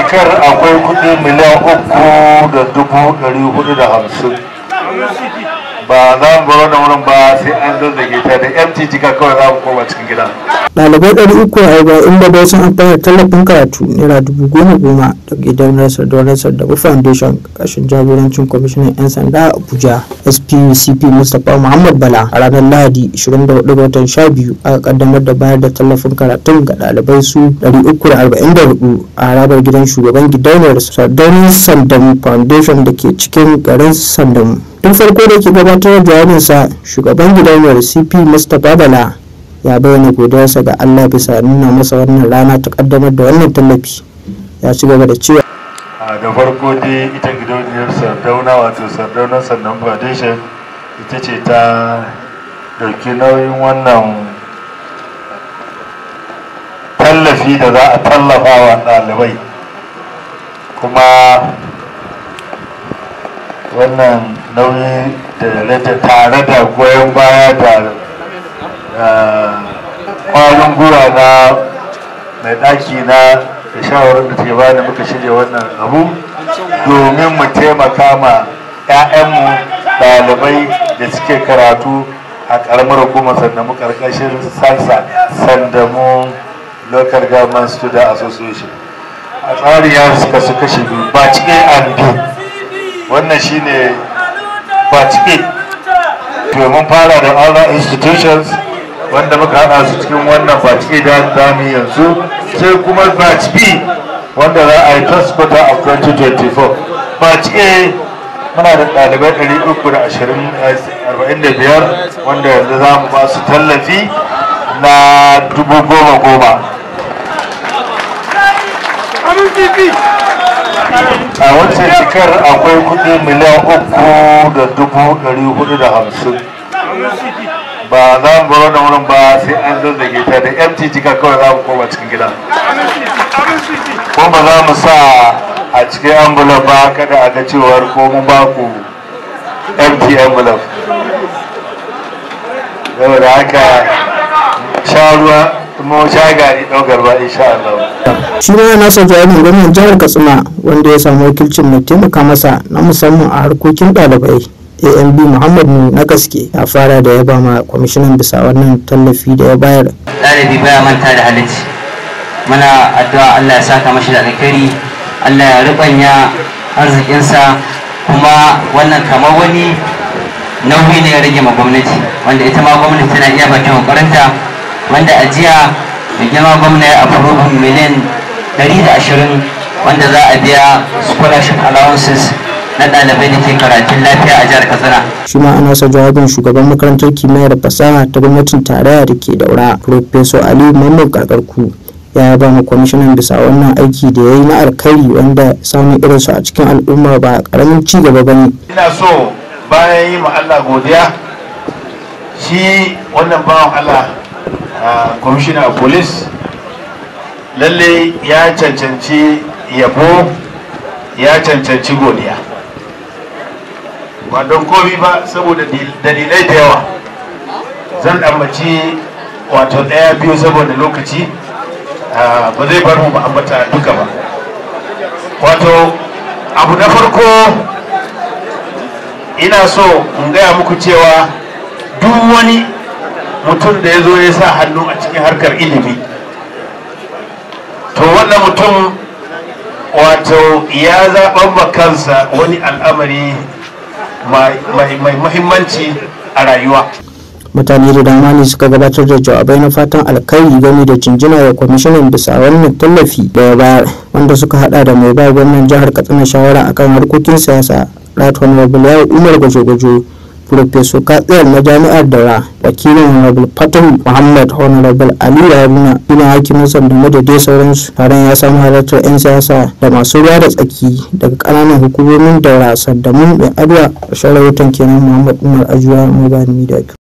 cikar akwai kudi miliyan uku da dubu dari hudu da hamsin ba za mu bar da wurin ba sai an zazzage titi ka kawai za mu koma cikin gida. Ɗalibai ɗari uku a yaba inda bai sun amfani da tallafin karatu naira dubu goma goma da gidan rasar da rasar da foundation ƙarshen jagorancin kwamishinan 'yan sanda Abuja SPCP Mustapha Muhammad Bala a ranar Lahadi 24 ga watan 12 aka kaddamar da bayar da tallafin karatun ga ɗalibai su 344 a harabar gidan shugaban gidauniyar da Sandam Foundation da ke cikin garin Sandam. tun farko da ke gabatar da jawabinsa shugaban gidauniyar cp mr babala ya bayyana godiyarsa ga allah bisa nuna masa wannan rana ta kaddamar da wannan tallafi ya ci gaba da cewa da farko dai ita gidauniyar sardauna wato sardauna sannan foundation ita ce ta dauki nauyin wannan tallafi da za a tallafa wa ɗalibai kuma wannan nauyi da tare da goyon baya da kwarin ah, gura na mai ɗaki na da shawarar da ke bani muka shirya wannan abu domin mu taimaka ma 'ya'yanmu ɗalibai da suke karatu a ƙaramar hukumar mu ƙarƙashin salsa sandamu local government student association a tsarin yaro suka su kashe biyu ba cikin and wannan shine ba to mun fara da other institutions wanda muka hada su cikin wannan ba da da zamu yanzu sai kuma ba wanda za a yi Transporter of 2024 ba muna da da biyar wanda yanzu za mu ba su tallafi na dubu goma goma I want to Kar akwai kudi miliyan uku da dubu dari hudu da hamsin ba za mu baro da wurin ba sai an zazzage ta da mt jika kawai za mu koma cikin gida ko ba za mu sa a cikin ambulan ba kada a ga cewar ko mun ba ku mt ambulan yau da haka sha ruwa kuma sha gari ɗaukar ba gwamnan jihar Katsina wanda ya samu wakilcin mai taimaka masa na musamman a harkokin ɗalibai. AMB Muhammad na gaske ya fara da ya ba ma kwamishinan bisa wannan tallafi da ya bayar. Ɗalibi baya manta da halici. Muna addu'a Allah ya saka mashi da alkari Allah ya rubanya arzikinsa kuma wannan kamar wani nauyi ne ya rage ma gwamnati wanda ita ma gwamnati tana iya bakin kokarinta wanda a jiya da girma gwamna ya afurubin miliyan 120 wanda za a biya scholarship allowances na ɗalibai da ke karatun lafiya a jihar katsina shi ma ana sa jawabin shugaban makarantar kimiyyar fasaha ta gwamnatin tarayya da ke daura professor ali mamman karkarku ya ba mu kwamishinan bisa wannan aiki da ya yi na alkhairi wanda samun irinsu a cikin al'umma ba karamin ci gaba ba ne ina so bayan yi ma allah godiya shi wannan bawan allah kwamishina uh, police lalle ya cancanci yabo ya cancanci godiya ba don komi ba saboda dalilai da yawa zan ambaci wato ɗaya biyu saboda lokaci uh, ba zai bar mu ba ambata duka ba wato abu na farko ina so in gaya muku cewa duk wani mutum da ya zo ya sa hannu a cikin harkar ilimi to wannan mutum wato ya zaɓan kansa wani al'amari mai mahimmanci a rayuwa mutane da dama ne suka gabatar da jawabai na fatan alkhairi game da cinjina da kwamishinan bisa wannan tallafi da ya bayar wanda suka hada da mai ba gwamnan jihar katsina shawara akan harkokin siyasa ratwan wabilawa umar gwajo-gwajo Profeso Katsiyar na Jami'ar dara wakilin Honorable Fatan Muhammad Honorable Ali Haruna, ina hakimin sanda da dai sauransu. Taron ya samu halartar 'yan siyasa da masu ruwa da tsaki daga ƙananan hukumomin da mun Mai Adwa, a shawarar kenan Muhammad Umar Ajuwa Mobile Media.